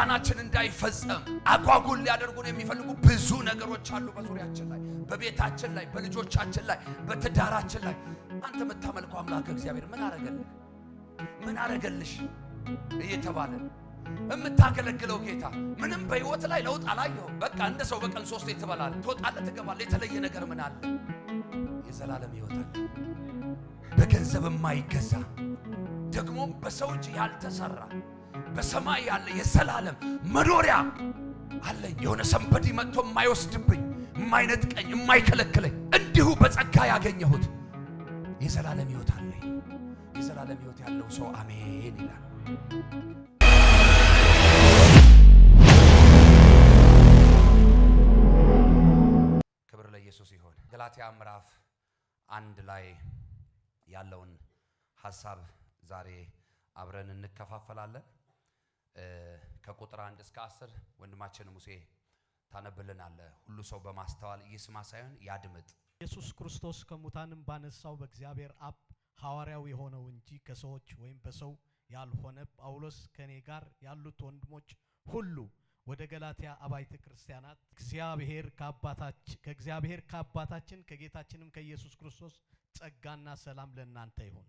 ኪዳናችን እንዳይፈጸም አጓጉል ሊያደርጉን የሚፈልጉ ብዙ ነገሮች አሉ በዙሪያችን ላይ፣ በቤታችን ላይ፣ በልጆቻችን ላይ፣ በትዳራችን ላይ። አንተ የምታመልከው አምላክ እግዚአብሔር ምን አረገልህ? ምን አረገልሽ? እየተባለ የምታገለግለው ጌታ ምንም በህይወት ላይ ለውጥ አላየው። በቃ እንደ ሰው በቀን ሶስት ትበላለህ፣ ትወጣለህ፣ ትገባለህ። የተለየ ነገር ምን አለ? የዘላለም ህይወት አለ በገንዘብ የማይገዛ ደግሞም በሰው እጅ ያልተሰራ በሰማይ ያለ የዘላለም መኖሪያ አለኝ። የሆነ ሰንበዲ መጥቶ የማይወስድብኝ፣ የማይነጥቀኝ፣ የማይከለክለኝ እንዲሁ በጸጋ ያገኘሁት የዘላለም ሕይወት አለኝ። የዘላለም ሕይወት ያለው ሰው አሜን ይላል። ክብር ለኢየሱስ ይሁን። ገላትያ ምዕራፍ አንድ ላይ ያለውን ሀሳብ ዛሬ አብረን እንከፋፈላለን። ከቁጥር አንድ እስከ አስር ወንድማችን ሙሴ ታነብልናለ። ሁሉ ሰው በማስተዋል ይስማ ሳይሆን ያድምጥ። ኢየሱስ ክርስቶስ ከሙታንም ባነሳው በእግዚአብሔር አብ ሐዋርያው የሆነው እንጂ ከሰዎች ወይም በሰው ያልሆነ ጳውሎስ ከኔ ጋር ያሉት ወንድሞች ሁሉ ወደ ገላትያ አብያተ ክርስቲያናት እግዚአብሔር ከአባታችን ከእግዚአብሔር ከአባታችን ከጌታችንም ከኢየሱስ ክርስቶስ ጸጋና ሰላም ለእናንተ ይሁን።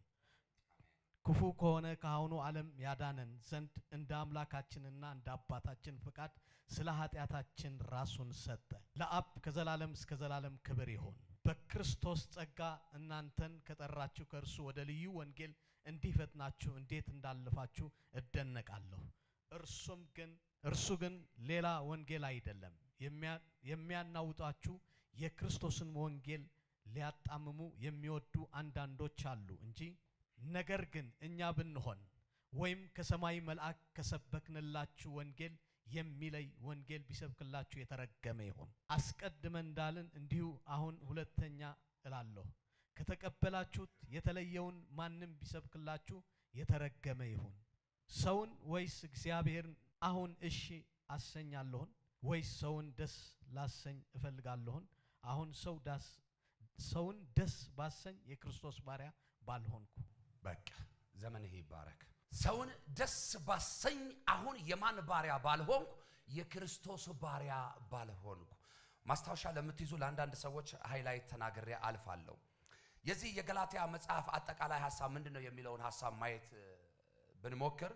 ክፉ ከሆነ ከአሁኑ ዓለም ያዳነን ዘንድ እንደ አምላካችንና እንደ አባታችን ፍቃድ ስለ ኃጢአታችን ራሱን ሰጠ። ለአብ ከዘላለም እስከ ዘላለም ክብር ይሁን። በክርስቶስ ጸጋ እናንተን ከጠራችሁ ከእርሱ ወደ ልዩ ወንጌል እንዲህ ፈጥናችሁ እንዴት እንዳለፋችሁ እደነቃለሁ። እርሱም ግን እርሱ ግን ሌላ ወንጌል አይደለም። የሚያናውጣችሁ የክርስቶስን ወንጌል ሊያጣምሙ የሚወዱ አንዳንዶች አሉ እንጂ ነገር ግን እኛ ብንሆን ወይም ከሰማይ መልአክ ከሰበክንላችሁ ወንጌል የሚለይ ወንጌል ቢሰብክላችሁ የተረገመ ይሁን። አስቀድመን እንዳልን እንዲሁ አሁን ሁለተኛ እላለሁ፣ ከተቀበላችሁት የተለየውን ማንም ቢሰብክላችሁ የተረገመ ይሁን። ሰውን ወይስ እግዚአብሔርን አሁን እሺ አሰኛለሁን? ወይስ ሰውን ደስ ላሰኝ እፈልጋለሁን? አሁን ሰው ዳስ ሰውን ደስ ባሰኝ የክርስቶስ ባሪያ ባልሆንኩ በቃ ዘመንህ ይባረክ። ሰውን ደስ ባሰኝ። አሁን የማን ባሪያ ባልሆንኩ፣ የክርስቶስ ባሪያ ባልሆንኩ። ማስታወሻ ለምትይዙ ለአንዳንድ ሰዎች ሃይላይት ተናግሬ አልፋለሁ። የዚህ የገላትያ መጽሐፍ አጠቃላይ ሀሳብ ምንድን ነው የሚለውን ሀሳብ ማየት ብንሞክር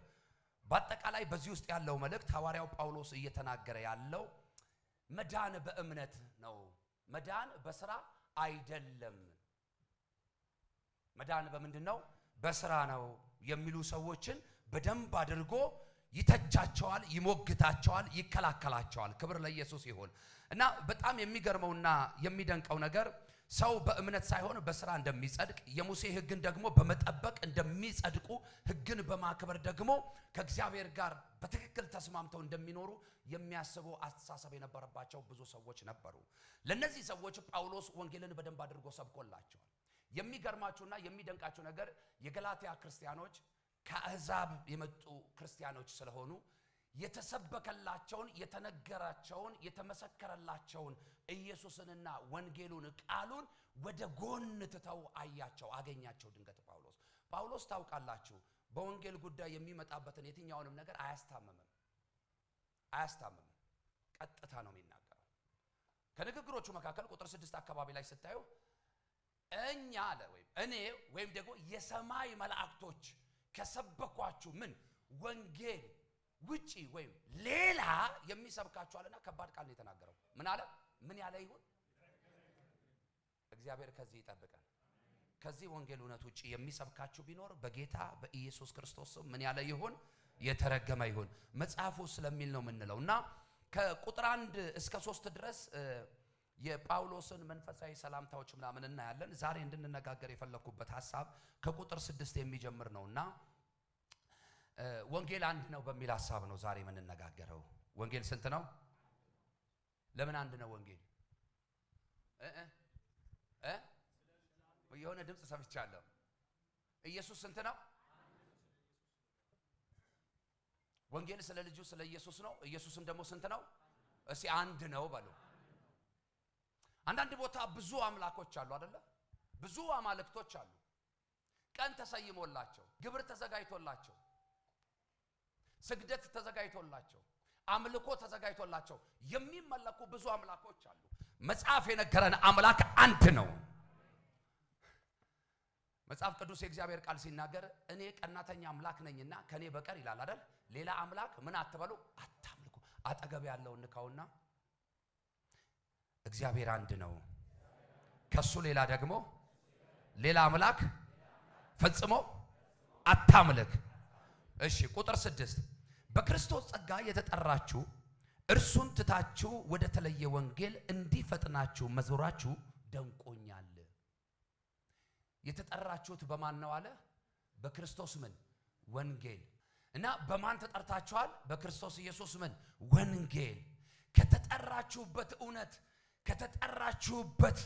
በአጠቃላይ በዚህ ውስጥ ያለው መልእክት ሐዋርያው ጳውሎስ እየተናገረ ያለው መዳን በእምነት ነው። መዳን በስራ አይደለም። መዳን በምንድን ነው? በስራ ነው የሚሉ ሰዎችን በደንብ አድርጎ ይተቻቸዋል፣ ይሞግታቸዋል፣ ይከላከላቸዋል። ክብር ለኢየሱስ ይሁን እና በጣም የሚገርመውና የሚደንቀው ነገር ሰው በእምነት ሳይሆን በስራ እንደሚጸድቅ የሙሴ ሕግን ደግሞ በመጠበቅ እንደሚጸድቁ ሕግን በማክበር ደግሞ ከእግዚአብሔር ጋር በትክክል ተስማምተው እንደሚኖሩ የሚያስቡ አስተሳሰብ የነበረባቸው ብዙ ሰዎች ነበሩ። ለእነዚህ ሰዎች ጳውሎስ ወንጌልን በደንብ አድርጎ ሰብኮላቸዋል። የሚገርማችሁና የሚደንቃችሁ ነገር የገላትያ ክርስቲያኖች ከአሕዛብ የመጡ ክርስቲያኖች ስለሆኑ የተሰበከላቸውን የተነገራቸውን የተመሰከረላቸውን ኢየሱስንና ወንጌሉን ቃሉን ወደ ጎን ትተው አያቸው አገኛቸው ድንገት ጳውሎስ ጳውሎስ ታውቃላችሁ በወንጌል ጉዳይ የሚመጣበትን የትኛውንም ነገር አያስታምምም አያስታምምም ቀጥታ ነው የሚናገረው ከንግግሮቹ መካከል ቁጥር ስድስት አካባቢ ላይ ስታዩ እኛ አለ ወይም እኔ ወይም ደግሞ የሰማይ መላእክቶች ከሰበኳችሁ ምን ወንጌል ውጪ ወይም ሌላ የሚሰብካችኋልና ከባድ ቃል ነው የተናገረው። ምን አለ? ምን ያለ ይሁን? እግዚአብሔር ከዚህ ይጠብቀን። ከዚህ ወንጌል እውነት ውጪ የሚሰብካችሁ ቢኖር በጌታ በኢየሱስ ክርስቶስ ምን ያለ ይሁን? የተረገመ ይሁን። መጽሐፉ ስለሚል ነው የምንለው እና ከቁጥር አንድ እስከ ሶስት ድረስ የጳውሎስን መንፈሳዊ ሰላምታዎች ምናምን እናያለን። ዛሬ እንድንነጋገር የፈለግኩበት ሀሳብ ከቁጥር ስድስት የሚጀምር ነው እና ወንጌል አንድ ነው በሚል ሀሳብ ነው ዛሬ የምንነጋገረው። ወንጌል ስንት ነው? ለምን አንድ ነው ወንጌል? የሆነ ድምፅ ሰምቻለሁ። ኢየሱስ ስንት ነው? ወንጌል ስለ ልጁ ስለ ኢየሱስ ነው። ኢየሱስም ደግሞ ስንት ነው? እስኪ አንድ ነው በሉ አንዳንድ ቦታ ብዙ አምላኮች አሉ አደለ? ብዙ አማልክቶች አሉ። ቀን ተሰይሞላቸው፣ ግብር ተዘጋጅቶላቸው፣ ስግደት ተዘጋጅቶላቸው፣ አምልኮ ተዘጋጅቶላቸው የሚመለኩ ብዙ አምላኮች አሉ። መጽሐፍ የነገረን አምላክ አንድ ነው። መጽሐፍ ቅዱስ የእግዚአብሔር ቃል ሲናገር እኔ ቀናተኛ አምላክ ነኝና ከኔ በቀር ይላል አይደል? ሌላ አምላክ ምን አትበሉ አታምልኩ። አጠገብ ያለውን ንካውና እግዚአብሔር አንድ ነው። ከሱ ሌላ ደግሞ ሌላ አምላክ ፈጽሞ አታምልክ። እሺ፣ ቁጥር ስድስት በክርስቶስ ጸጋ የተጠራችሁ እርሱን ትታችሁ ወደ ተለየ ወንጌል እንዲፈጥናችሁ መዞራችሁ ደንቆኛል። የተጠራችሁት በማን ነው አለ? በክርስቶስ ምን ወንጌል እና በማን ተጠርታችኋል? በክርስቶስ ኢየሱስ ምን ወንጌል ከተጠራችሁበት እውነት ከተጠራችሁበት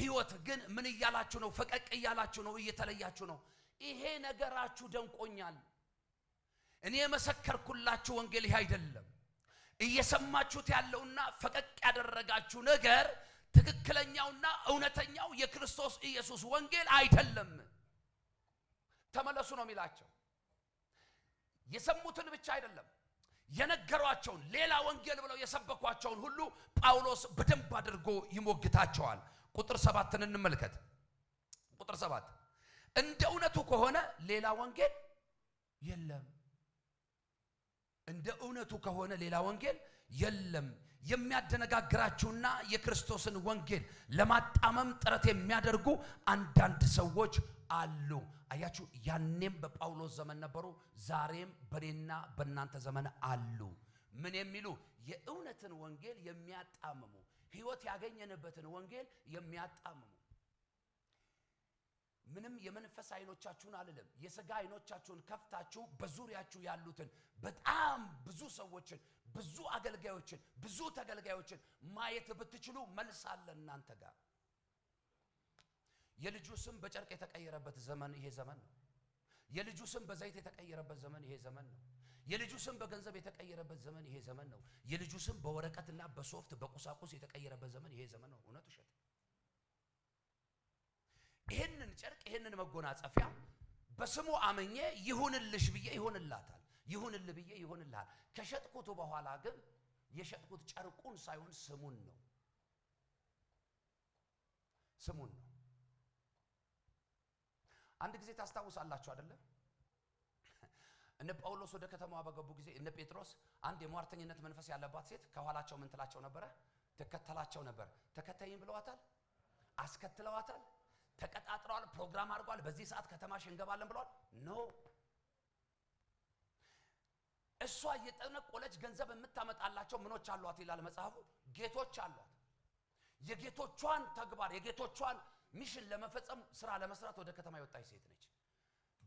ህይወት ግን ምን እያላችሁ ነው? ፈቀቅ እያላችሁ ነው፣ እየተለያችሁ ነው። ይሄ ነገራችሁ ደንቆኛል። እኔ የመሰከርኩላችሁ ወንጌል ይህ አይደለም። እየሰማችሁት ያለውና ፈቀቅ ያደረጋችሁ ነገር ትክክለኛውና እውነተኛው የክርስቶስ ኢየሱስ ወንጌል አይደለም። ተመለሱ ነው የሚላቸው። የሰሙትን ብቻ አይደለም የነገሯቸውን ሌላ ወንጌል ብለው የሰበኳቸውን ሁሉ ጳውሎስ በደንብ አድርጎ ይሞግታቸዋል። ቁጥር ሰባትን እንመልከት። ቁጥር ሰባት እንደ እውነቱ ከሆነ ሌላ ወንጌል የለም። እንደ እውነቱ ከሆነ ሌላ ወንጌል የለም። የሚያደነጋግራችሁና የክርስቶስን ወንጌል ለማጣመም ጥረት የሚያደርጉ አንዳንድ ሰዎች አሉ። አያችሁ፣ ያኔም በጳውሎስ ዘመን ነበሩ፣ ዛሬም በኔና በእናንተ ዘመን አሉ። ምን የሚሉ የእውነትን ወንጌል የሚያጣምሙ ህይወት ያገኘንበትን ወንጌል የሚያጣምሙ ምንም የመንፈስ አይኖቻችሁን አልልም። የስጋ አይኖቻችሁን ከፍታችሁ በዙሪያችሁ ያሉትን በጣም ብዙ ሰዎችን፣ ብዙ አገልጋዮችን፣ ብዙ ተገልጋዮችን ማየት ብትችሉ መልስ አለ እናንተ ጋር። የልጁ ስም በጨርቅ የተቀየረበት ዘመን ይሄ ዘመን ነው። የልጁ ስም በዘይት የተቀየረበት ዘመን ይሄ ዘመን ነው። የልጁ ስም በገንዘብ የተቀየረበት ዘመን ይሄ ዘመን ነው። የልጁ ስም በወረቀትና በሶፍት በቁሳቁስ የተቀየረበት ዘመን ይሄ ዘመን ነው። እውነት ውሸት? ይህንን ጨርቅ ይህንን መጎናጸፊያ በስሙ አመኜ ይሁንልሽ ብዬ ይሆንላታል፣ ይሁንል ብዬ ይሆንልሃል። ከሸጥኩት በኋላ ግን የሸጥኩት ጨርቁን ሳይሆን ስሙን ነው፣ ስሙን ነው አንድ ጊዜ ታስታውሳላችሁ አደለ? እነ ጳውሎስ ወደ ከተማዋ በገቡ ጊዜ እነ ጴጥሮስ አንድ የሟርተኝነት መንፈስ ያለባት ሴት ከኋላቸው ምን ትላቸው ነበረ? ትከተላቸው ነበር። ተከታይን ብለዋታል፣ አስከትለዋታል፣ ተቀጣጥረዋል፣ ፕሮግራም አድርጓል በዚህ ሰዓት ከተማሽ እንገባለን ብለዋል። ኖ እሷ እየጠነቆለች ገንዘብ የምታመጣላቸው ምኖች አሏት ይላል መጽሐፉ። ጌቶች አሏት። የጌቶቿን ተግባር የጌቶቿን ሚሽን ለመፈጸም ስራ ለመስራት ወደ ከተማ የወጣች ሴት ነች።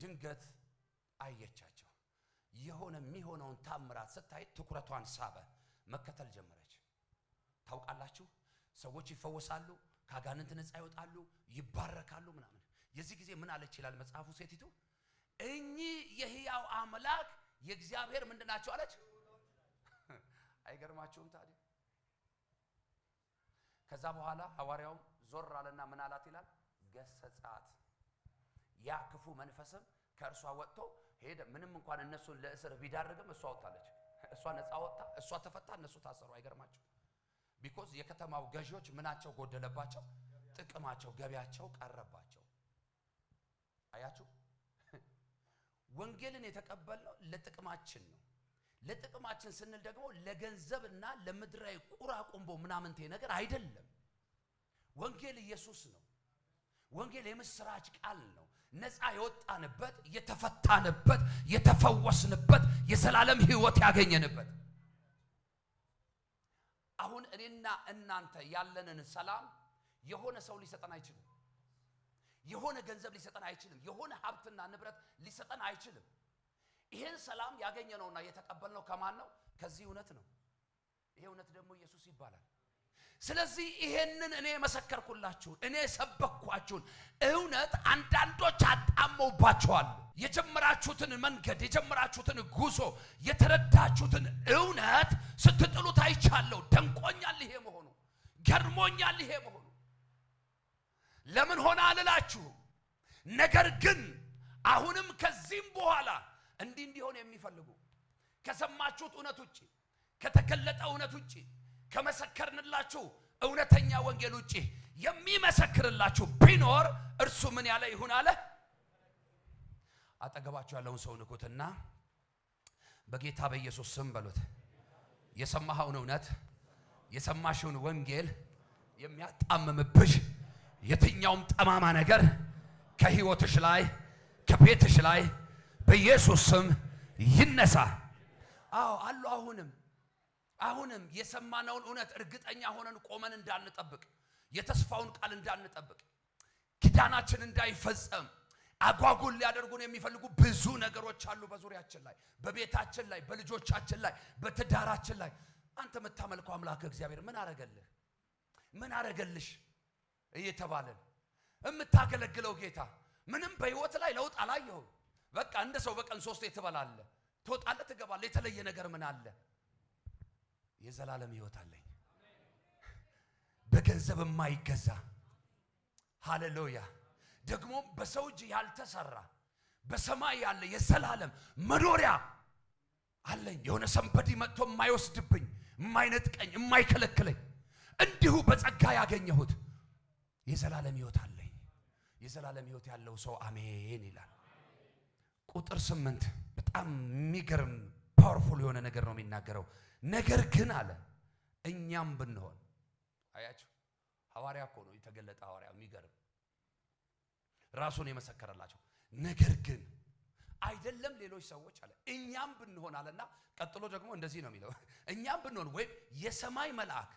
ድንገት አየቻቸው። የሆነ የሚሆነውን ታምራት ስታይ ትኩረቷን ሳበ። መከተል ጀመረች። ታውቃላችሁ ሰዎች ይፈወሳሉ፣ ከአጋንንት ነፃ ይወጣሉ፣ ይባረካሉ ምናምን። የዚህ ጊዜ ምን አለች ይላል መጽሐፉ? ሴቲቱ እኚህ የህያው አምላክ የእግዚአብሔር ምንድን ናቸው አለች። አይገርማችሁም ታዲያ? ከዛ በኋላ ሐዋርያውም ዞር አለና ምን አላት ይላል ገሰጻት። ያ ክፉ መንፈስም ከእርሷ ወጥቶ ሄደ። ምንም እንኳን እነሱን ለእስር ቢዳርግም እሷ ወጥታለች። እሷ ነፃ ወጥታ እሷ ተፈታ፣ እነሱ ታሰሩ። አይገርማቸው? ቢኮዝ የከተማው ገዢዎች ምናቸው ጎደለባቸው? ጥቅማቸው፣ ገቢያቸው ቀረባቸው። አያችሁ፣ ወንጌልን የተቀበልነው ለጥቅማችን ነው። ለጥቅማችን ስንል ደግሞ ለገንዘብና ለምድራዊ ቁራቁምቦ ምናምንቴ ነገር አይደለም። ወንጌል ኢየሱስ ነው። ወንጌል የምስራች ቃል ነው። ነፃ የወጣንበት፣ የተፈታንበት፣ የተፈወስንበት፣ የዘላለም ህይወት ያገኘንበት አሁን እኔና እናንተ ያለንን ሰላም የሆነ ሰው ሊሰጠን አይችልም። የሆነ ገንዘብ ሊሰጠን አይችልም። የሆነ ሀብትና ንብረት ሊሰጠን አይችልም። ይህን ሰላም ያገኘነውና የተቀበልነው ከማን ነው? ከዚህ እውነት ነው። ይሄ እውነት ደግሞ ኢየሱስ ይባላል። ስለዚህ ይሄንን እኔ የመሰከርኩላችሁን እኔ የሰበኳችሁን እውነት አንዳንዶች አጣመውባቸዋል የጀመራችሁትን መንገድ የጀመራችሁትን ጉዞ የተረዳችሁትን እውነት ስትጥሉ አይቻለሁ። ደንቆኛል ይሄ መሆኑ፣ ገርሞኛል ይሄ መሆኑ። ለምን ሆነ አልላችሁም። ነገር ግን አሁንም ከዚህም በኋላ እንዲህ እንዲሆን የሚፈልጉ ከሰማችሁት እውነት ውጭ ከተገለጠ እውነት ውጭ ከመሰከርንላችሁ እውነተኛ ወንጌል ውጪ የሚመሰክርላችሁ ቢኖር እርሱ ምን ያለ ይሁን አለ። አጠገባችሁ ያለውን ሰው ንኩትና በጌታ በኢየሱስ ስም በሉት። የሰማኸውን እውነት የሰማሽውን ወንጌል የሚያጣምምብሽ የትኛውም ጠማማ ነገር ከህይወትሽ ላይ ከቤትሽ ላይ በኢየሱስ ስም ይነሳ። አዎ አሉ አሁንም አሁንም የሰማነውን እውነት እርግጠኛ ሆነን ቆመን እንዳንጠብቅ፣ የተስፋውን ቃል እንዳንጠብቅ፣ ኪዳናችን እንዳይፈጸም አጓጉል ሊያደርጉን የሚፈልጉ ብዙ ነገሮች አሉ በዙሪያችን ላይ፣ በቤታችን ላይ፣ በልጆቻችን ላይ፣ በትዳራችን ላይ። አንተ የምታመልከው አምላክ እግዚአብሔር ምን አረገልህ? ምን አረገልሽ? እየተባለን የምታገለግለው ጌታ ምንም በህይወት ላይ ለውጥ አላየሁም። በቃ እንደ ሰው በቀን ሶስት ትበላለህ፣ ትወጣለህ፣ ትገባለህ። የተለየ ነገር ምን አለ? የዘላለም ህይወት አለኝ በገንዘብ የማይገዛ ሃሌሉያ። ደግሞ በሰው እጅ ያልተሰራ በሰማይ ያለ የዘላለም መኖሪያ አለኝ። የሆነ ሰንበዲ መጥቶ የማይወስድብኝ፣ የማይነጥቀኝ፣ የማይከለክለኝ እንዲሁ በጸጋ ያገኘሁት የዘላለም ህይወት አለኝ። የዘላለም ህይወት ያለው ሰው አሜን ይላል። ቁጥር ስምንት በጣም የሚገርም ፓወርፉል የሆነ ነገር ነው የሚናገረው ነገር ግን አለ እኛም ብንሆን አያችሁ፣ ሐዋርያ እኮ ነው የተገለጠ ሐዋርያ። የሚገርም ራሱን የመሰከረላቸው ነገር ግን አይደለም ሌሎች ሰዎች አለ እኛም ብንሆን አለና፣ ቀጥሎ ደግሞ እንደዚህ ነው የሚለው እኛም ብንሆን ወይም የሰማይ መልአክ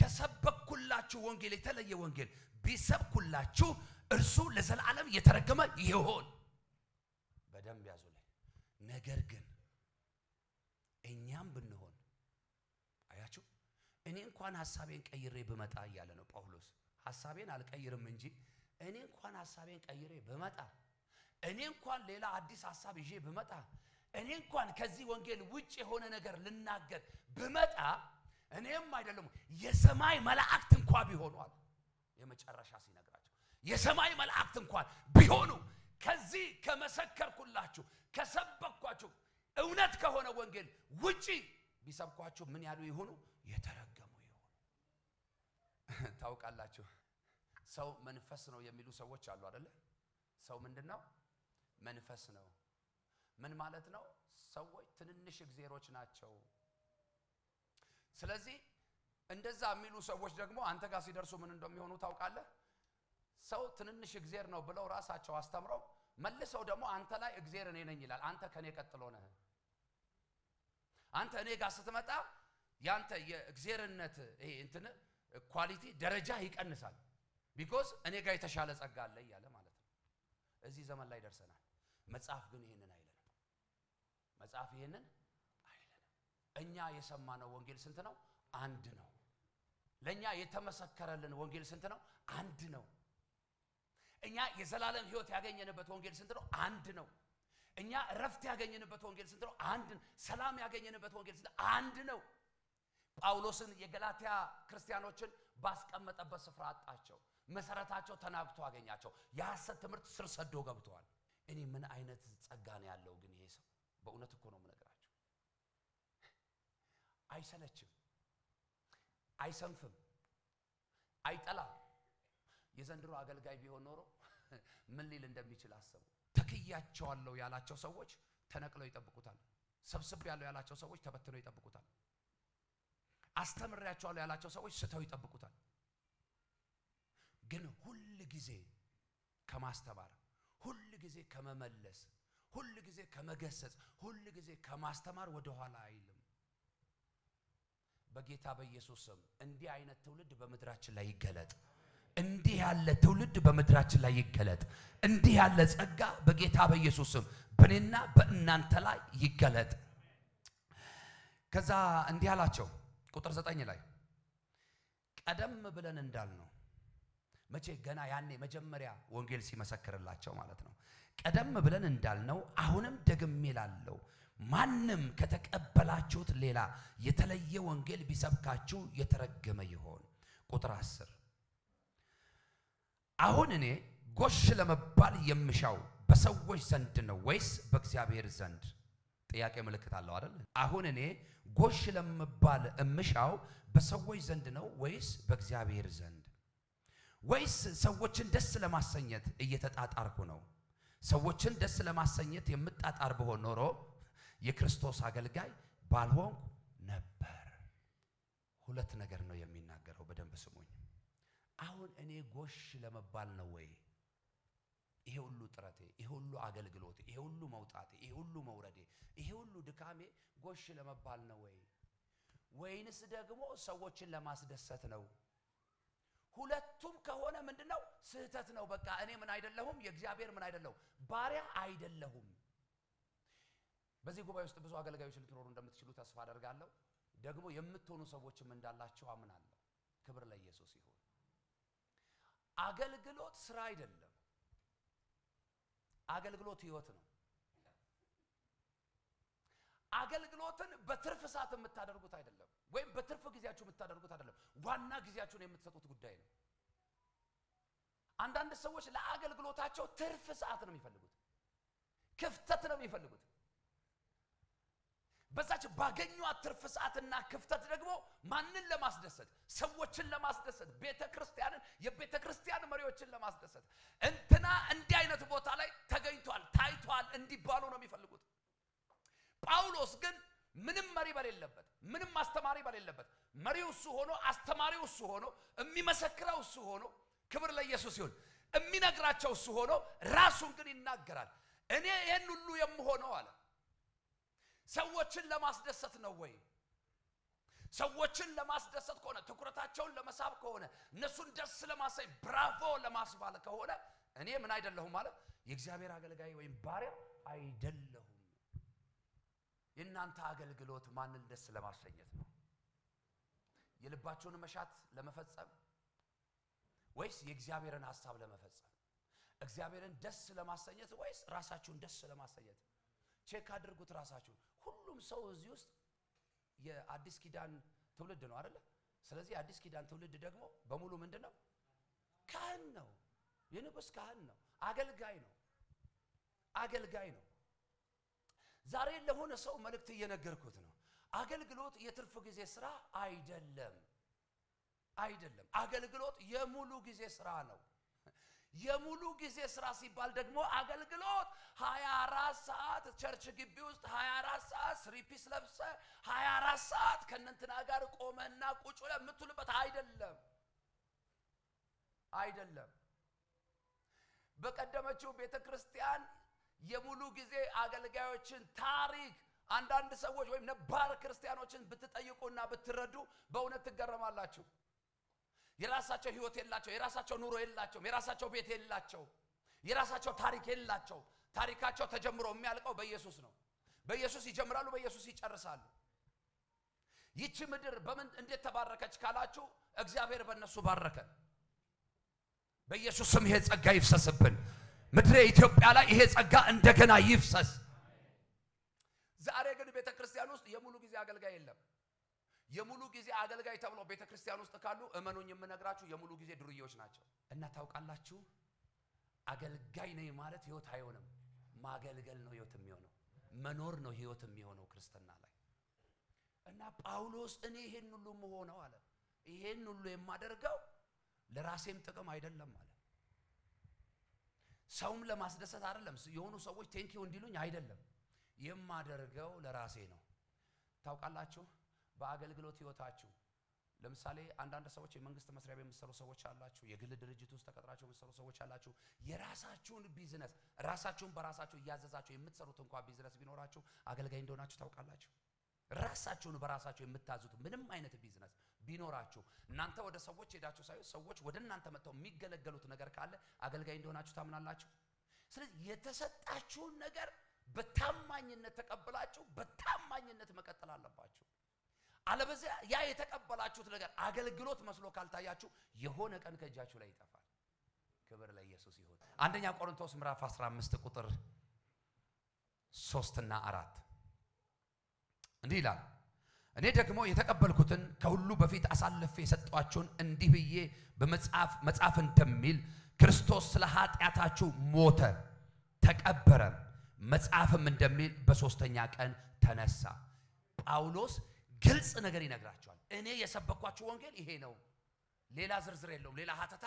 ከሰበኩላችሁ ወንጌል የተለየ ወንጌል ቢሰብኩላችሁ እርሱ ለዘላለም የተረገመ ይሆን። በደንብ ያዙ ላይ ነገር ግን እኛም ብንሆን አያችሁ፣ እኔ እንኳን ሀሳቤን ቀይሬ ብመጣ እያለ ነው ጳውሎስ። ሀሳቤን አልቀይርም እንጂ እኔ እንኳን ሀሳቤን ቀይሬ ብመጣ፣ እኔ እንኳን ሌላ አዲስ ሀሳብ ይዤ ብመጣ፣ እኔ እንኳን ከዚህ ወንጌል ውጭ የሆነ ነገር ልናገር ብመጣ፣ እኔም አይደለም የሰማይ መላእክት እንኳ ቢሆኗል የመጨረሻ ሲነግራቸው የሰማይ መላእክት እንኳን ቢሆኑ ከዚህ ከመሰከርኩላችሁ ከሰበኳችሁ እውነት ከሆነ ወንጌል ውጪ ቢሰብኳችሁ ምን ያሉ ይሆኑ? የተረገሙ ይሆኑ። ታውቃላችሁ ሰው መንፈስ ነው የሚሉ ሰዎች አሉ አይደለ? ሰው ምንድን ነው? መንፈስ ነው። ምን ማለት ነው? ሰዎች ትንንሽ እግዜሮች ናቸው። ስለዚህ እንደዛ የሚሉ ሰዎች ደግሞ አንተ ጋር ሲደርሱ ምን እንደሚሆኑ ታውቃለህ? ሰው ትንንሽ እግዜር ነው ብለው ራሳቸው አስተምረው መልሰው ደግሞ አንተ ላይ እግዜር እኔ ነኝ ይላል። አንተ ከኔ ቀጥሎ ነህ። አንተ እኔ ጋር ስትመጣ ያንተ የእግዜርነት ይሄ እንትን ኳሊቲ ደረጃ ይቀንሳል። ቢኮዝ እኔ ጋር የተሻለ ጸጋ አለ እያለ ማለት ነው። እዚህ ዘመን ላይ ደርሰናል። መጽሐፍ ግን ይህንን አይለንም። መጽሐፍ ይህንን አይለንም። እኛ የሰማነው ወንጌል ስንት ነው? አንድ ነው። ለእኛ የተመሰከረልን ወንጌል ስንት ነው? አንድ ነው። እኛ የዘላለም ሕይወት ያገኘንበት ወንጌል ስንት ነው? አንድ ነው። እኛ እረፍት ያገኘንበት ወንጌል ስንት ነው? አንድ። ሰላም ያገኘንበት ወንጌል ስንት አንድ ነው። ጳውሎስን የገላትያ ክርስቲያኖችን ባስቀመጠበት ስፍራ አጣቸው። መሰረታቸው ተናግቶ አገኛቸው። የሐሰት ትምህርት ስር ሰዶ ገብተዋል። እኔ ምን አይነት ጸጋ ነው ያለው ግን ይሄ ሰው! በእውነት እኮ ነው የምነግራቸው። አይሰለችም፣ አይሰንፍም፣ አይጠላም። የዘንድሮ አገልጋይ ቢሆን ኖሮ ምን ሊል እንደሚችል አስቡ። ተክያቸዋለሁ ያላቸው ሰዎች ተነቅለው ይጠብቁታል። ሰብስብ ያለው ያላቸው ሰዎች ተበትነው ይጠብቁታል። አስተምሬያቸዋለሁ ያላቸው ሰዎች ስተው ይጠብቁታል። ግን ሁል ጊዜ ከማስተማር፣ ሁል ጊዜ ከመመለስ፣ ሁል ጊዜ ከመገሰጽ፣ ሁል ጊዜ ከማስተማር ወደ ኋላ አይልም። በጌታ በኢየሱስ ስም እንዲህ አይነት ትውልድ በምድራችን ላይ ይገለጥ። እንዲህ ያለ ትውልድ በምድራችን ላይ ይገለጥ። እንዲህ ያለ ጸጋ በጌታ በኢየሱስም በእኔና በእናንተ ላይ ይገለጥ። ከዛ እንዲህ አላቸው ቁጥር ዘጠኝ ላይ ቀደም ብለን እንዳልነው መቼ ገና ያኔ መጀመሪያ ወንጌል ሲመሰክርላቸው ማለት ነው። ቀደም ብለን እንዳልነው አሁንም ደግሜ እላለሁ ማንም ከተቀበላችሁት ሌላ የተለየ ወንጌል ቢሰብካችሁ የተረገመ ይሆን። ቁጥር አስር አሁን እኔ ጎሽ ለመባል የምሻው በሰዎች ዘንድ ነው ወይስ በእግዚአብሔር ዘንድ? ጥያቄ ምልክት አለው አይደል? አሁን እኔ ጎሽ ለመባል የምሻው በሰዎች ዘንድ ነው ወይስ በእግዚአብሔር ዘንድ? ወይስ ሰዎችን ደስ ለማሰኘት እየተጣጣርኩ ነው? ሰዎችን ደስ ለማሰኘት የምጣጣር ብሆን ኖሮ የክርስቶስ አገልጋይ ባልሆንኩ ነበር። ሁለት ነገር ነው የሚናገረው። በደንብ ስሙኝ። አሁን እኔ ጎሽ ለመባል ነው ወይ? ይሄ ሁሉ ጥረቴ፣ ይሄ ሁሉ አገልግሎቴ፣ ይሄ ሁሉ መውጣቴ፣ ይሄ ሁሉ መውረዴ፣ ይሄ ሁሉ ድካሜ ጎሽ ለመባል ነው ወይ? ወይንስ ደግሞ ሰዎችን ለማስደሰት ነው? ሁለቱም ከሆነ ምንድነው ስህተት ነው። በቃ እኔ ምን አይደለሁም፣ የእግዚአብሔር ምን አይደለሁም፣ ባሪያ አይደለሁም። በዚህ ጉባኤ ውስጥ ብዙ አገልጋዮች ልትኖሩ እንደምትችሉ ተስፋ አደርጋለሁ። ደግሞ የምትሆኑ ሰዎችም እንዳላችሁ አምናለሁ። ክብር ለኢየሱስ ይሁን። አገልግሎት ስራ አይደለም። አገልግሎት ህይወት ነው። አገልግሎትን በትርፍ ሰዓት የምታደርጉት አይደለም፣ ወይም በትርፍ ጊዜያችሁ የምታደርጉት አይደለም። ዋና ጊዜያችሁን የምትሰጡት ጉዳይ ነው። አንዳንድ ሰዎች ለአገልግሎታቸው ትርፍ ሰዓት ነው የሚፈልጉት፣ ክፍተት ነው የሚፈልጉት። በዛች ባገኟት ትርፍ ሰዓትና ክፍተት ደግሞ ማንን ለማስደሰት? ሰዎችን ለማስደሰት፣ ቤተ ክርስቲያንን፣ የቤተ ክርስቲያን መሪዎችን ለማስደሰት እንትና እንዲህ አይነት ቦታ ላይ ተገኝቷል፣ ታይቷል እንዲባሉ ነው የሚፈልጉት። ጳውሎስ ግን ምንም መሪ በሌለበት፣ ምንም አስተማሪ በሌለበት፣ መሪው እሱ ሆኖ አስተማሪው እሱ ሆኖ የሚመሰክረው እሱ ሆኖ ክብር ለኢየሱስ ይሁን፣ የሚነግራቸው እሱ ሆኖ ራሱን ግን ይናገራል። እኔ ይህን ሁሉ የምሆነው አለ ሰዎችን ለማስደሰት ነው ወይ? ሰዎችን ለማስደሰት ከሆነ ትኩረታቸውን ለመሳብ ከሆነ እነሱን ደስ ለማሳይ ብራቮ ለማስባል ከሆነ እኔ ምን አይደለሁም ማለት የእግዚአብሔር አገልጋይ ወይም ባሪያ አይደለሁም። የእናንተ አገልግሎት ማንን ደስ ለማሰኘት ነው? የልባቸውን መሻት ለመፈጸም ወይስ የእግዚአብሔርን ሀሳብ ለመፈጸም? እግዚአብሔርን ደስ ለማሰኘት ወይስ ራሳችሁን ደስ ለማሰኘት? ቼክ አድርጉት ራሳችሁን። ሁሉም ሰው እዚህ ውስጥ የአዲስ ኪዳን ትውልድ ነው አይደለ? ስለዚህ የአዲስ ኪዳን ትውልድ ደግሞ በሙሉ ምንድን ነው? ካህን ነው። የንጉስ ካህን ነው። አገልጋይ ነው። አገልጋይ ነው። ዛሬ ለሆነ ሰው መልእክት እየነገርኩት ነው። አገልግሎት የትርፍ ጊዜ ስራ አይደለም፣ አይደለም። አገልግሎት የሙሉ ጊዜ ስራ ነው። የሙሉ ጊዜ ስራ ሲባል ደግሞ አገልግሎት 24 ሰዓት ቸርች ግቢ ውስጥ 24 ሰዓት ስሪፒስ ለብሰ 24 ሰዓት ከእነንትና ጋር ቆመና ቁጭ ብለህ የምትውልበት አይደለም፣ አይደለም። በቀደመችው ቤተ ክርስቲያን የሙሉ ጊዜ አገልጋዮችን ታሪክ አንዳንድ ሰዎች ወይም ነባር ክርስቲያኖችን ብትጠይቁና ብትረዱ በእውነት ትገረማላችሁ። የራሳቸው ህይወት የላቸው፣ የራሳቸው ኑሮ የላቸውም፣ የራሳቸው ቤት የላቸው፣ የራሳቸው ታሪክ የላቸው። ታሪካቸው ተጀምሮ የሚያልቀው በኢየሱስ ነው። በኢየሱስ ይጀምራሉ፣ በኢየሱስ ይጨርሳሉ። ይቺ ምድር በምን እንዴት ተባረከች ካላችሁ እግዚአብሔር በእነሱ ባረከ? በኢየሱስ ስም ይሄ ጸጋ ይፍሰስብን። ምድሬ ኢትዮጵያ ላይ ይሄ ጸጋ እንደገና ይፍሰስ። ዛሬ ግን ቤተ ክርስቲያን ውስጥ የሙሉ ጊዜ አገልጋይ የለም። የሙሉ ጊዜ አገልጋይ ተብሎ ቤተ ክርስቲያን ውስጥ ካሉ እመኑኝ የምነግራችሁ የሙሉ ጊዜ ዱርዬዎች ናቸው። እና ታውቃላችሁ አገልጋይ ነኝ ማለት ህይወት አይሆንም። ማገልገል ነው ህይወት የሚሆነው፣ መኖር ነው ህይወት የሚሆነው ክርስትና ላይ እና ጳውሎስ እኔ ይሄን ሁሉ መሆነው አለ ይሄን ሁሉ የማደርገው ለራሴም ጥቅም አይደለም አለ። ሰውም ለማስደሰት አይደለም፣ የሆኑ ሰዎች ቴንኪው እንዲሉኝ አይደለም፣ የማደርገው ለራሴ ነው። ታውቃላችሁ በአገልግሎት ህይወታችሁ ለምሳሌ አንዳንድ ሰዎች የመንግስት መስሪያ ቤት የምትሰሩ ሰዎች አላችሁ። የግል ድርጅት ውስጥ ተቀጥራችሁ የምትሰሩ ሰዎች አላችሁ። የራሳችሁን ቢዝነስ ራሳችሁን በራሳችሁ እያዘዛችሁ የምትሰሩት እንኳ ቢዝነስ ቢኖራችሁ አገልጋይ እንደሆናችሁ ታውቃላችሁ። ራሳችሁን በራሳችሁ የምታዙት ምንም አይነት ቢዝነስ ቢኖራችሁ እናንተ ወደ ሰዎች ሄዳችሁ ሳይሆን ሰዎች ወደ እናንተ መጥተው የሚገለገሉት ነገር ካለ አገልጋይ እንደሆናችሁ ታምናላችሁ። ስለዚህ የተሰጣችሁን ነገር በታማኝነት ተቀብላችሁ በታማኝነት መቀጠል አለባችሁ። አለበዚያ ያ የተቀበላችሁት ነገር አገልግሎት መስሎ ካልታያችሁ የሆነ ቀን ከእጃችሁ ላይ ይጠፋል። ክብር ለኢየሱስ ይሁን። አንደኛ ቆሮንቶስ ምዕራፍ 15 ቁጥር ሶስትና አራት እንዲህ ይላል እኔ ደግሞ የተቀበልኩትን ከሁሉ በፊት አሳልፌ የሰጧችሁን እንዲህ ብዬ በመጽሐፍ መጽሐፍ እንደሚል ክርስቶስ ስለ ኃጢአታችሁ ሞተ፣ ተቀበረ፣ መጽሐፍም እንደሚል በሶስተኛ ቀን ተነሳ። ጳውሎስ ግልጽ ነገር ይነግራቸዋል። እኔ የሰበኳችሁ ወንጌል ይሄ ነው፣ ሌላ ዝርዝር የለውም፣ ሌላ ሀተታ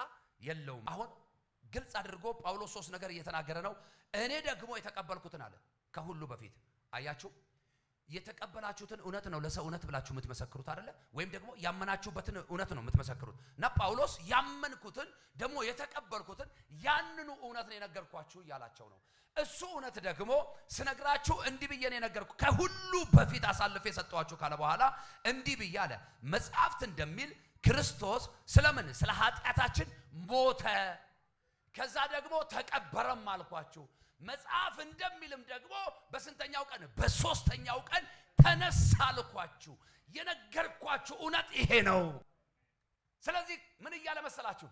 የለውም። አሁን ግልጽ አድርጎ ጳውሎስ ሶስት ነገር እየተናገረ ነው። እኔ ደግሞ የተቀበልኩትን አለ ከሁሉ በፊት አያችሁ የተቀበላችሁትን እውነት ነው ለሰው እውነት ብላችሁ የምትመሰክሩት አይደለ? ወይም ደግሞ ያመናችሁበትን እውነት ነው የምትመሰክሩት። እና ጳውሎስ ያመንኩትን ደግሞ የተቀበልኩትን ያንኑ እውነት ነው የነገርኳችሁ እያላቸው ነው። እሱ እውነት ደግሞ ስነግራችሁ እንዲህ ብዬ ነው የነገርኩ ከሁሉ በፊት አሳልፌ የሰጠኋችሁ ካለ በኋላ እንዲህ ብዬ አለ። መጽሐፍት እንደሚል ክርስቶስ ስለምን ስለ ኃጢአታችን ሞተ፣ ከዛ ደግሞ ተቀበረም አልኳችሁ መጽሐፍ እንደሚልም ደግሞ በስንተኛው ቀን? በሶስተኛው ቀን ተነሳልኳችሁ የነገርኳችሁ እውነት ይሄ ነው። ስለዚህ ምን እያለ መሰላችሁ?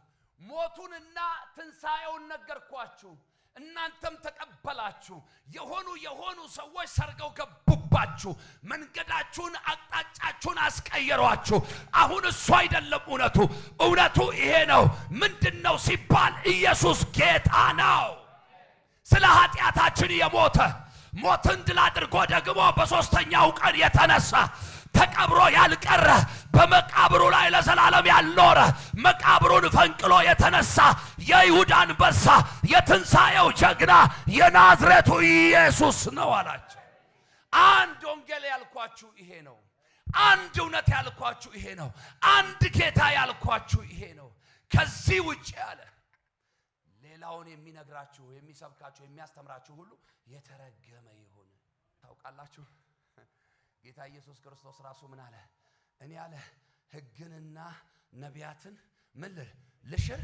ሞቱንና ትንሣኤውን ነገርኳችሁ፣ እናንተም ተቀበላችሁ። የሆኑ የሆኑ ሰዎች ሰርገው ገቡባችሁ፣ መንገዳችሁን፣ አቅጣጫችሁን አስቀየሯችሁ። አሁን እሱ አይደለም እውነቱ፣ እውነቱ ይሄ ነው። ምንድን ነው ሲባል ኢየሱስ ጌታ ነው። ስለ ኃጢአታችን የሞተ ሞትን ድል አድርጎ ደግሞ በሦስተኛው ቀን የተነሳ ተቀብሮ ያልቀረ በመቃብሩ ላይ ለዘላለም ያልኖረ መቃብሩን ፈንቅሎ የተነሳ የይሁዳ አንበሳ የትንሣኤው ጀግና የናዝሬቱ ኢየሱስ ነው አላቸው። አንድ ወንጌል ያልኳችሁ ይሄ ነው። አንድ እውነት ያልኳችሁ ይሄ ነው። አንድ ጌታ ያልኳችሁ ይሄ ነው። ከዚህ ውጭ ያለ አሁን የሚነግራችሁ የሚሰብካችሁ የሚያስተምራችሁ ሁሉ የተረገመ ይሁን። ታውቃላችሁ ጌታ ኢየሱስ ክርስቶስ ራሱ ምን አለ? እኔ አለ ህግንና ነቢያትን ምን ልል ልሽር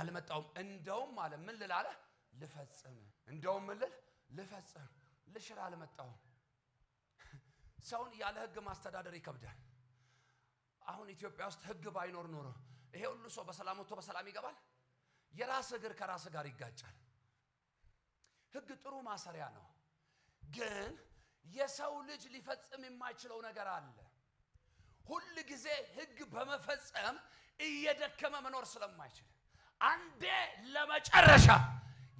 አልመጣውም፣ እንደውም አለ ምን ልል አለ ልፈጽም፣ እንደውም ምን ልል ልፈጽም፣ ልሽር አልመጣውም። ሰውን ያለ ህግ ማስተዳደር ይከብዳል። አሁን ኢትዮጵያ ውስጥ ህግ ባይኖር ኖሮ ይሄ ሁሉ ሰው በሰላም ወጥቶ በሰላም ይገባል። የራስ እግር ከራስ ጋር ይጋጫል። ህግ ጥሩ ማሰሪያ ነው፣ ግን የሰው ልጅ ሊፈጽም የማይችለው ነገር አለ። ሁል ጊዜ ህግ በመፈጸም እየደከመ መኖር ስለማይችል አንዴ ለመጨረሻ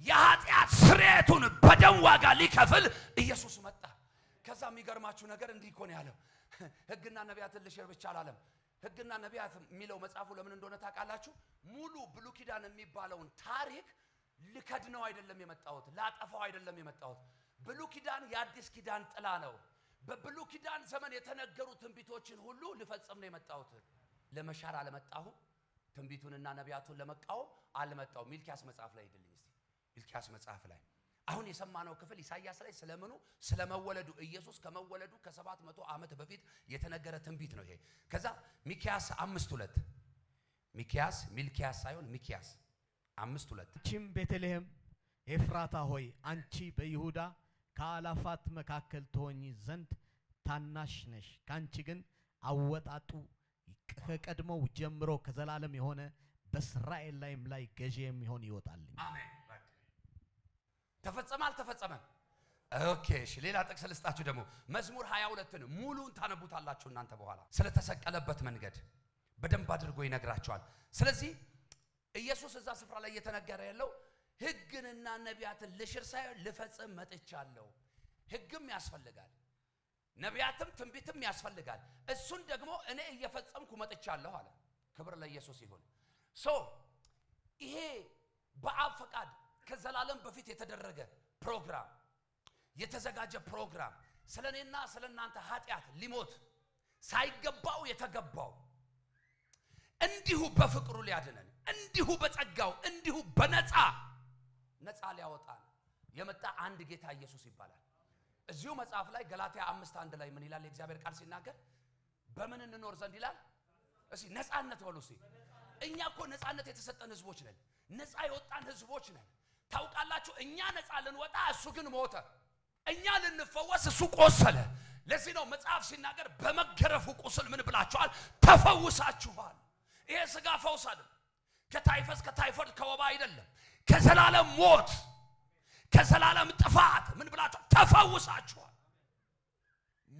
የኃጢአት ስርየቱን በደም ዋጋ ሊከፍል ኢየሱስ መጣ። ከዛ የሚገርማችሁ ነገር እንዲህ እኮ ነው ያለው፣ ህግና ነቢያትን ልሽር ብቻ አላለም። ህግና ነቢያት የሚለው መጽሐፉ ለምን እንደሆነ ታውቃላችሁ? ሙሉ ብሉይ ኪዳን የሚባለውን ታሪክ ልከድነው አይደለም የመጣሁት፣ ላጠፋው አይደለም የመጣሁት። ብሉይ ኪዳን የአዲስ ኪዳን ጥላ ነው። በብሉይ ኪዳን ዘመን የተነገሩ ትንቢቶችን ሁሉ ልፈጽም ነው የመጣሁት። ለመሻር አልመጣሁም። ትንቢቱንና ነቢያቱን ለመቃወም አልመጣሁም። ሚልኪያስ መጽሐፍ ላይ ሄድልኝ ሚልኪያስ መጽሐፍ ላይ አሁን የሰማነው ክፍል ኢሳይያስ ላይ ስለምኑ ስለመወለዱ ኢየሱስ ከመወለዱ ከሰባት መቶ ዓመት በፊት የተነገረ ትንቢት ነው ይሄ። ከዛ ሚኪያስ አምስት ሁለት ሚኪያስ ሚልኪያስ ሳይሆን ሚኪያስ አምስት ሁለት አንቺም ቤተልሔም ኤፍራታ ሆይ አንቺ በይሁዳ ከአላፋት መካከል ትሆኚ ዘንድ ታናሽ ነሽ። ከአንቺ ግን አወጣጡ ከቀድሞው ጀምሮ ከዘላለም የሆነ በእስራኤል ላይም ላይ ገዢ የሚሆን ይወጣልኝ። አሜን። ተፈጸመ አልተፈጸመም? ኦኬ እሺ፣ ሌላ ጥቅስ ልስጣችሁ ደግሞ መዝሙር 22ን ሙሉን ታነቡታላችሁ እናንተ በኋላ ስለተሰቀለበት መንገድ በደንብ አድርጎ ይነግራቸዋል። ስለዚህ ኢየሱስ እዛ ስፍራ ላይ እየተነገረ ያለው ሕግንና ነቢያትን ልሽር ሳይሆን ልፈጽም መጥቻለሁ። ሕግም ያስፈልጋል፣ ነቢያትም ትንቢትም ያስፈልጋል። እሱን ደግሞ እኔ እየፈጸምኩ መጥቻለሁ አለ። ክብር ለኢየሱስ ይሁን። ሶ ይሄ በአብ ፈቃድ ከዘላለም በፊት የተደረገ ፕሮግራም የተዘጋጀ ፕሮግራም ስለ እኔና ስለ እናንተ ኃጢአት ሊሞት ሳይገባው የተገባው እንዲሁ በፍቅሩ ሊያድነን እንዲሁ በጸጋው እንዲሁ በነፃ ነፃ ሊያወጣን የመጣ አንድ ጌታ ኢየሱስ ይባላል። እዚሁ መጽሐፍ ላይ ገላትያ አምስት አንድ ላይ ምን ይላል? የእግዚአብሔር ቃል ሲናገር በምን እንኖር ዘንድ ይላል። እስኪ ነፃነት በሉ እስኪ። እኛ እኮ ነፃነት የተሰጠን ህዝቦች ነን። ነፃ የወጣን ህዝቦች ነን። ታውቃላችሁ፣ እኛ ነፃ ልንወጣ፣ እሱ ግን ሞተ። እኛ ልንፈወስ፣ እሱ ቆሰለ። ለዚህ ነው መጽሐፍ ሲናገር በመገረፉ ቁስል ምን ብላችኋል? ተፈውሳችኋል። ይሄ ስጋ ፈውስ አይደለም። ከታይፈስ ከታይፎድ ከወባ አይደለም። ከዘላለም ሞት ከዘላለም ጥፋት ምን ብላችኋል? ተፈውሳችኋል።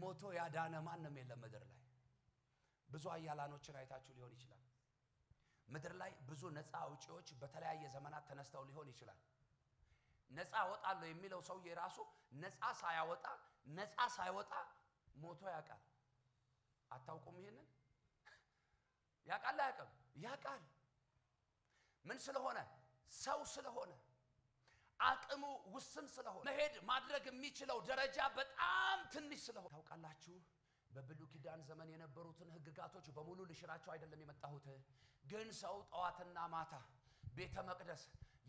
ሞቶ ያዳነ ማንም የለም ምድር ላይ። ብዙ አያላኖችን አይታችሁ ሊሆን ይችላል። ምድር ላይ ብዙ ነፃ አውጪዎች በተለያየ ዘመናት ተነስተው ሊሆን ይችላል። ነፃ ወጣለሁ የሚለው ሰውዬ ራሱ ነፃ ሳያወጣ ነፃ ሳይወጣ ሞቶ ያውቃል። አታውቁም? ይሄንን ያውቃል አያውቅም? ያውቃል። ምን ስለሆነ? ሰው ስለሆነ፣ አቅሙ ውስን ስለሆነ፣ መሄድ ማድረግ የሚችለው ደረጃ በጣም ትንሽ ስለሆነ። ታውቃላችሁ በብሉይ ኪዳን ዘመን የነበሩትን ሕግጋቶች በሙሉ ልሽራቸው አይደለም የመጣሁት፣ ግን ሰው ጠዋትና ማታ ቤተ መቅደስ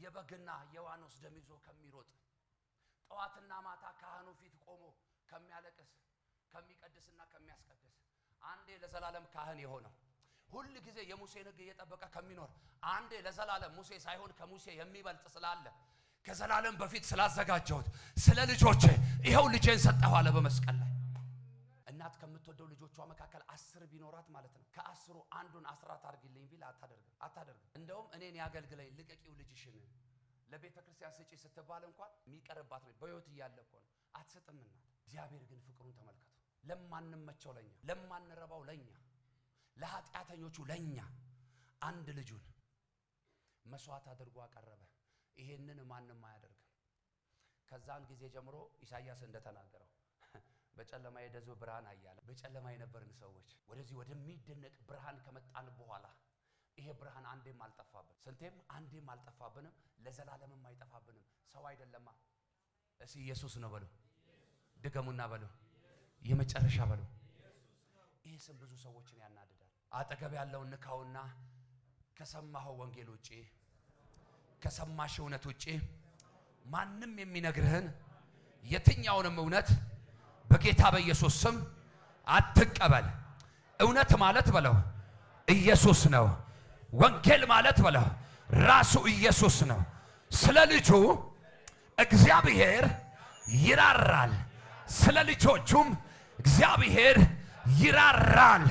የበግና የዋኖስ ደም ይዞ ከሚሮጥ ጠዋትና ማታ ካህኑ ፊት ቆሞ ከሚያለቅስ ከሚቀድስና ከሚያስቀድስ አንዴ ለዘላለም ካህን የሆነው ሁል ጊዜ የሙሴን ሕግ እየጠበቀ ከሚኖር አንዴ ለዘላለም ሙሴ ሳይሆን ከሙሴ የሚበልጥ ስላለ ከዘላለም በፊት ስላዘጋጀሁት ስለ ልጆቼ ይኸው ልጄን ሰጠኋለ በመስቀል እናት ከምትወደው ልጆቿ መካከል አስር ቢኖራት ማለት ነው ከአስሩ አንዱን አስራት አድርግልኝ ቢል አታደርግም አታደርግም። እንደውም እኔን ያገልግለኝ ልቀቂው ልጅሽን ለቤተ ክርስቲያን ስጪ ስትባል እንኳን የሚቀርባት ነው። በህይወት እያለ እኮ ነው አትሰጥም እናት። እግዚአብሔር ግን ፍቅሩን ተመልከቱ። ለማንመቸው ለኛ፣ ለማንረባው ለኛ፣ ለኃጢአተኞቹ ለኛ አንድ ልጁን መስዋዕት አድርጎ አቀረበ። ይሄንን ማንም አያደርግም። ከዛን ጊዜ ጀምሮ ኢሳያስ እንደተናገረው በጨለማ የደዞ ብርሃን አያለ በጨለማ የነበርን ሰዎች ወደዚህ ወደሚደነቅ ብርሃን ከመጣን በኋላ ይሄ ብርሃን አንዴም አልጠፋብን፣ ስንቴም አንዴም አልጠፋብንም፣ ለዘላለምም አይጠፋብንም። ሰው አይደለማ። እስ ኢየሱስ ነው በሉ፣ ድገሙና በሉ፣ የመጨረሻ በሉ። ይህ ስም ብዙ ሰዎችን ያናድዳል። አጠገብ ያለውን ንካውና ከሰማኸው ወንጌል ውጪ ከሰማሽ እውነት ውጪ ማንም የሚነግርህን የትኛውንም እውነት በጌታ በኢየሱስ ስም አትቀበል። እውነት ማለት በለው ኢየሱስ ነው። ወንጌል ማለት በለው ራሱ ኢየሱስ ነው። ስለ ልጁ እግዚአብሔር ይራራል። ስለ ልጆቹም እግዚአብሔር ይራራል።